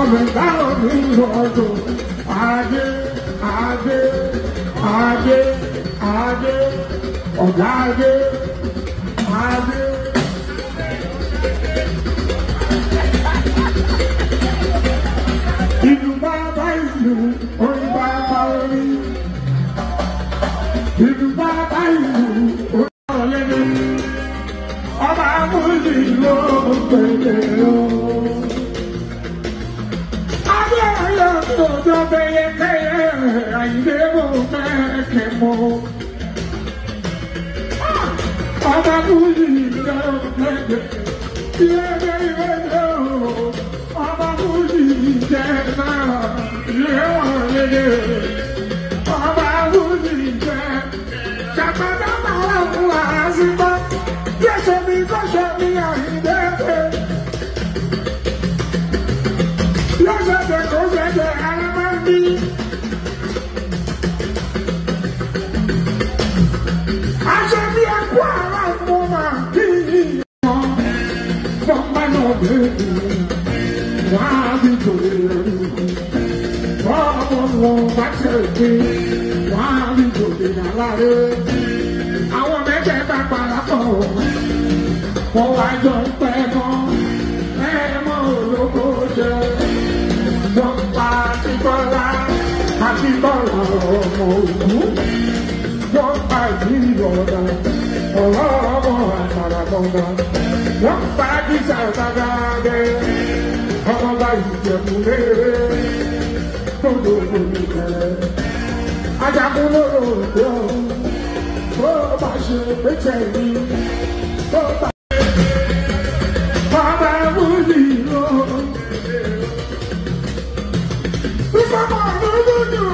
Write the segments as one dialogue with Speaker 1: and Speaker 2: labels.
Speaker 1: ọmọláwọ̀ mi ń ọdún adé adé adé adé ọ̀gá adé adé. ìlú bàbá ìlú orí bàbá orí ìlú bàbá ìlú orí ọ̀lẹ́dẹ̀ ọba amúlùú ló ń pèlè o. ọ̀dọ́bẹ̀yẹ kẹyẹ àyìnlẹ́wò mẹ́ẹ̀kẹ́ mọ́. ọba kúyì ìjọ mẹ́jẹ yẹ́dẹ́ ìwẹ́jẹ́ o ọba òfin wọ́n á rí gòkè láre. Àwọn mẹ́tẹ̀ẹ̀ta parapọ̀ wọ́n wá jọ ń pẹ́ mọ́ ẹ̀mọ́ olóko jẹ. Wọ́n pa Akíkọ́lá Akíkọ́lá ọmọ ògún. Wọ́n pa ìdílé ọ̀dà ọ̀rọ̀ ọmọ àtàrà gbọ̀ngàn. Wọ́n pa Bísí Àtàgàdé ọmọ bá ìjẹ̀kú léèrè. Todo mundo quer ajagun lóró òde bó bá ṣe pété mi bó bá. Bàbá wúlì o. Bísọ̀ mọ̀ lójú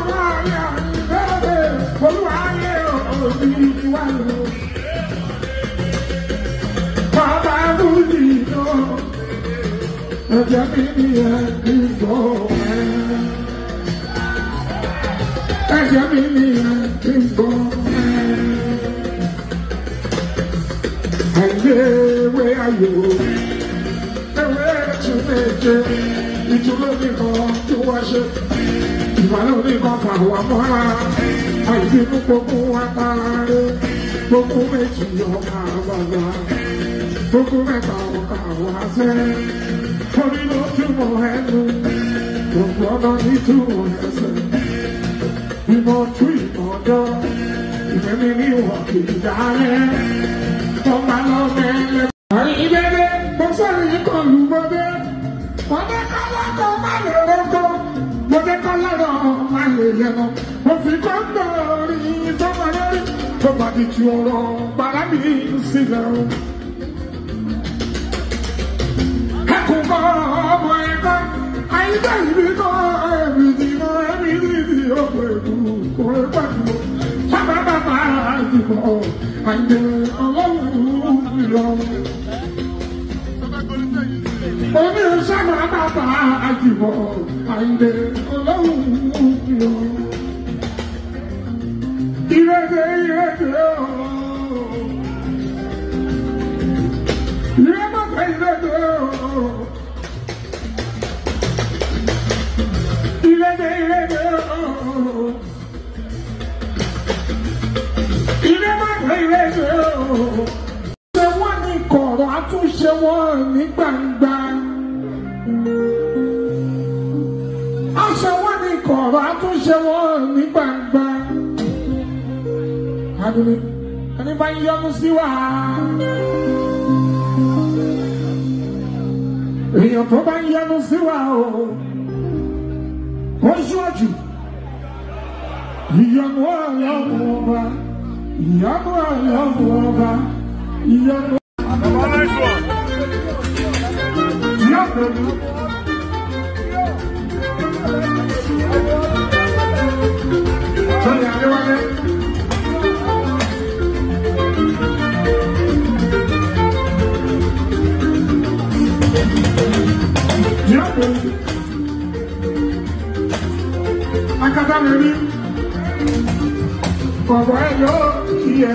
Speaker 1: ẹ̀jẹ̀ mi ni àti bọ̀ ẹ̀yẹ ewé ayò ewé tún méje ìtúlọ̀ nìkan tó wá ṣe ìbálò nìkan fà wá mọ́ra àìbínú gbogbo wa para rẹ̀ gbogbo méjì ọ̀ka bàbá gbogbo mẹ́ta ọ̀ka wá sẹ́ orí ló túmọ̀ ẹnu gbogbo ọ̀nà ní túmọ̀ ẹsẹ̀ ìmọ̀ tún ìmọ̀dọ́ ìmẹ̀mí ní ìwọ̀n kìí dálẹ̀ wọ́n máa lọ bẹ́ẹ̀. àrùn ìbẹ́rẹ́ mo sọ̀rọ̀ yìí kan lù mọ́ bẹ́ẹ̀ wọ́n ní kọ́lọ́kọ́ má lè rọ́kọ́ mo ní kọ́lọ́rọ̀ má lè lẹ́nu mo fi kọ́ gbọ́ orí tọ́mọ lórí tó bá ti ju ọ̀rọ̀ bàrá mi sílẹ̀ o. kẹ́kùn kọ́ ọmọ ẹ̀kọ́ àyíká ìbí kọ́ ẹ̀mí ìkó bàjẹ́ sábà bàbá àdìgbò àyè ọlọ́run ìlọ. Omi sábà bàbá àdìgbò àyè ọlọ́run ìlọ. Ìrèké ìrèké ooo. ṣe wọ́n ní gbangba. a ṣe wọ́n ní kọ̀ọ̀rọ̀ a tún ṣe wọ́n ní gbangba. àdùnní ẹni bá ń yọnu sí wa. èèyàn tó bá ń yọnu sí wa o. ó ṣọ́ọ̀jù ìyọnu ọ̀yọ́ ọ̀bà ìyọnu ọ̀yọ́ ọ̀bà ìyọnu. Sunday Adéwálé. Diabo. Akadamiri. Kọ̀bọ̀ ẹ̀ lọ́ọ́ kí ẹ.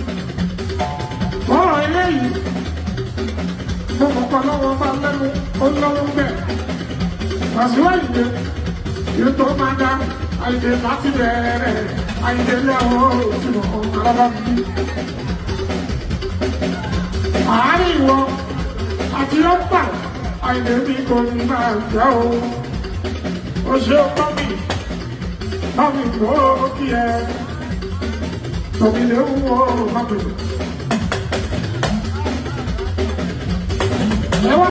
Speaker 1: ọ̀pọ̀ lọ́wọ́ bá lẹ́nu ó lọ́wọ́ bẹ̀. Pàṣíwá ìdè yìí tó máa dá àìdè láti bẹ̀rẹ̀ àìdè lẹ́wọ̀ òṣùwọ̀n alábà bíbí. Àárín ìwọ àti ọ̀pá àìdè mi kò ní máa jẹ́ o. No.